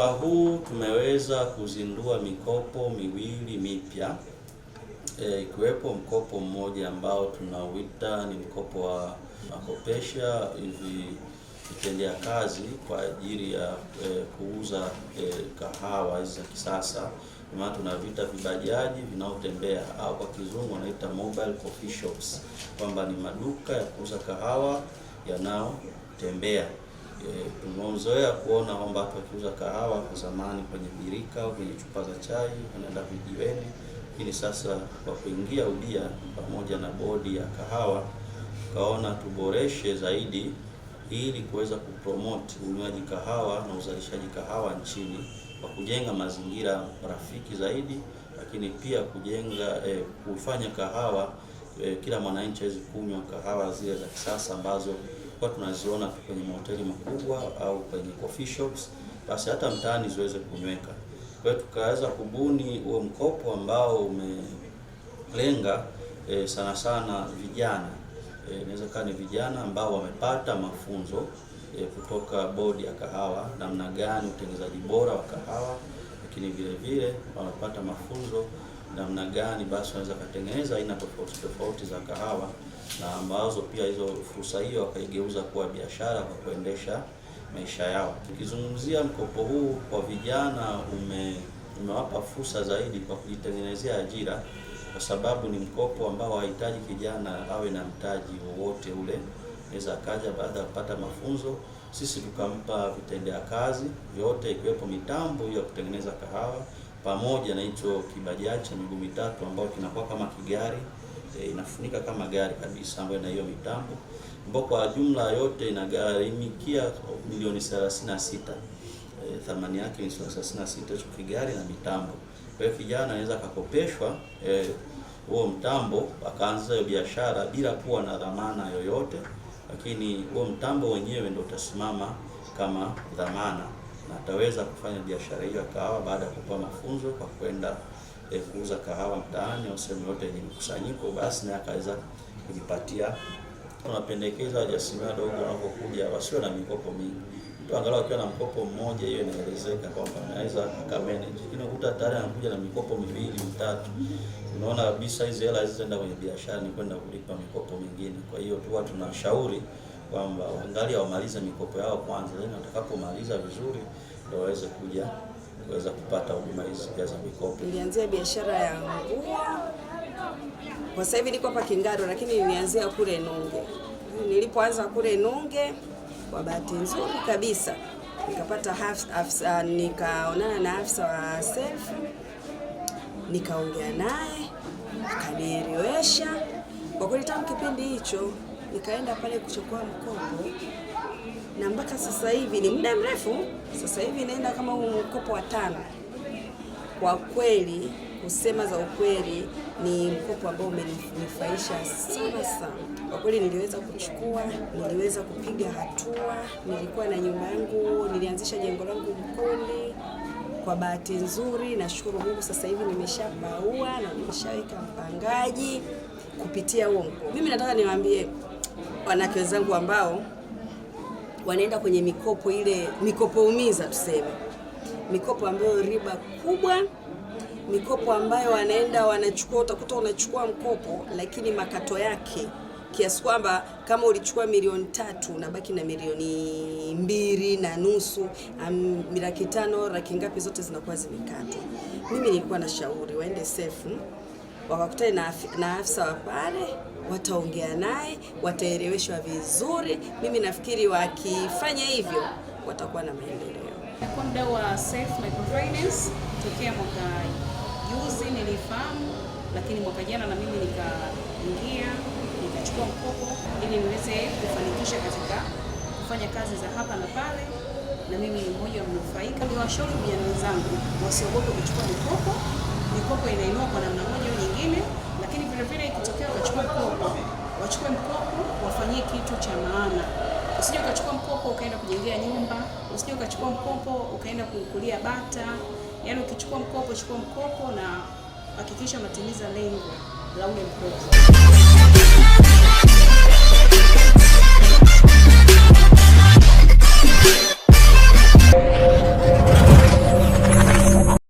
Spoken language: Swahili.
Kwa huu tumeweza kuzindua mikopo miwili mipya e, ikiwepo e, mkopo mmoja ambao tunauita ni mkopo wa makopesha hivi vitendea kazi kwa ajili ya e, kuuza e, kahawa hizi za kisasa, maana vita vibajaji vinaotembea au kwa kizungu wanaita mobile coffee shops, kwamba ni maduka ya kuuza kahawa yanayotembea. E, tumezoea kuona kwamba watu wakiuza kahawa kwa zamani kwenye birika au kwenye chupa za chai, wanaenda vijiweni, lakini sasa kwa kuingia ubia pamoja na bodi ya kahawa, tukaona tuboreshe zaidi ili kuweza kupromote unywaji kahawa na uzalishaji kahawa nchini kwa kujenga mazingira rafiki zaidi, lakini pia kujenga e, kufanya kahawa e, kila mwananchi aweze kunywa kahawa zile za kisasa ambazo kwa tunaziona kwenye mahoteli makubwa au kwenye coffee shops, basi hata mtaani ziweze kunyweka. Kwa hiyo tukaweza kubuni huo mkopo ambao umelenga e, sana sana vijana e, inaweza kuwa ni vijana ambao wamepata mafunzo e, kutoka bodi ya kahawa, namna gani utengenezaji bora wa kahawa, lakini vile vile wamepata mafunzo namna gani basi wanaweza kutengeneza aina tofauti tofauti za kahawa na ambazo pia hizo fursa hiyo wakaigeuza kuwa biashara kwa kuendesha maisha yao. Ukizungumzia mkopo huu kwa vijana ume, umewapa fursa zaidi kwa kujitengenezea ajira, kwa sababu ni mkopo ambao hahitaji kijana awe na mtaji wowote ule. Naweza akaja baada ya kupata mafunzo, sisi tukampa vitendea kazi vyote, ikiwepo mitambo hiyo ya kutengeneza kahawa pamoja na hicho kibajaa cha miguu mitatu ambao kinakuwa kama kigari e, inafunika kama gari kabisa, ambayo na hiyo mitambo ambao kwa jumla yote inagharimikia milioni 36 e, thamani yake ni 36 hicho kigari na mitambo. Kwa hiyo kijana anaweza akakopeshwa e, huo e, mtambo akaanza hiyo biashara bila kuwa na dhamana yoyote, lakini huo mtambo wenyewe ndio utasimama kama dhamana na ataweza kufanya biashara hiyo ya kahawa baada ya kupewa mafunzo kwa kwenda e, kuuza kahawa mtaani au sehemu yote yenye mkusanyiko, basi naye akaweza kujipatia. Tunapendekeza wajasiriamali wadogo wanapokuja wasiwe na mikopo mingi, mtu angalau akiwa na mkopo mmoja, hiyo inaelezeka kwamba anaweza manage, lakini ukuta tayari anakuja na mikopo miwili mitatu, unaona kabisa hizi hela zitaenda kwenye biashara, ni kwenda kulipa mikopo mingine. Kwa hiyo tuwa tunashauri kwamba wangalia wamalize mikopo yao kwanza, then watakapomaliza vizuri ndio waweze kuja kuweza kupata huduma hizi pia za mikopo. Nilianzia biashara ya nguo, kwa sasa hivi niko hapa Kingaro, lakini nilianzia kule Nunge. Nilipoanza kule Nunge, kwa bahati nzuri kabisa nikapata afisa, nikaonana na afisa wa self, nikaongea naye akanielewesha. Kwa kweli tangu kipindi hicho nikaenda pale kuchukua mkopo, na mpaka sasa hivi ni muda mrefu, sasa hivi naenda kama huu mkopo wa tano. Kwa kweli kusema za ukweli, ni mkopo ambao umenifaisha sana sana. Kwa kweli niliweza kuchukua, niliweza kupiga hatua. Nilikuwa na nyumba yangu, nilianzisha jengo langu Mkoni. Kwa bahati nzuri, nashukuru Mungu, sasa hivi nimeshabaua na nimeshaweka mpangaji kupitia huo mkopo. Mimi nataka niwaambie wanawake wenzangu ambao wanaenda kwenye mikopo ile mikopo umiza, tuseme mikopo ambayo riba kubwa, mikopo ambayo wanaenda wanachukua, utakuta unachukua mkopo lakini makato yake kiasi kwamba kama ulichukua milioni tatu unabaki na milioni mbili na nusu, laki tano, laki ngapi, zote zinakuwa zimekatwa. Mimi nilikuwa na shauri waende sefu wakakutane na, na afisa wa pale, wataongea naye, wataeleweshwa vizuri. Mimi nafikiri wakifanya hivyo watakuwa na maendeleo. Kwa muda wa Self Microfinance tokea mwaka juzi nilifahamu, lakini mwaka jana na mimi nikaingia nikachukua mkopo ili niweze kufanikisha katika kufanya kazi za hapa na pale, na mimi ni mmoja wa mnufaika. Niwashauri vijana wenzangu wasiogope kuchukua mikopo. Mikopo inainua kwa namna vile ikitokea ukachukua mkopo, wachukue mkopo wafanyie kitu cha maana. Usije ukachukua mkopo ukaenda kujengea nyumba, usije ukachukua mkopo ukaenda kukulia bata. Yaani ukichukua mkopo, chukua mkopo na hakikisha unatimiza lengo la ule mkopo.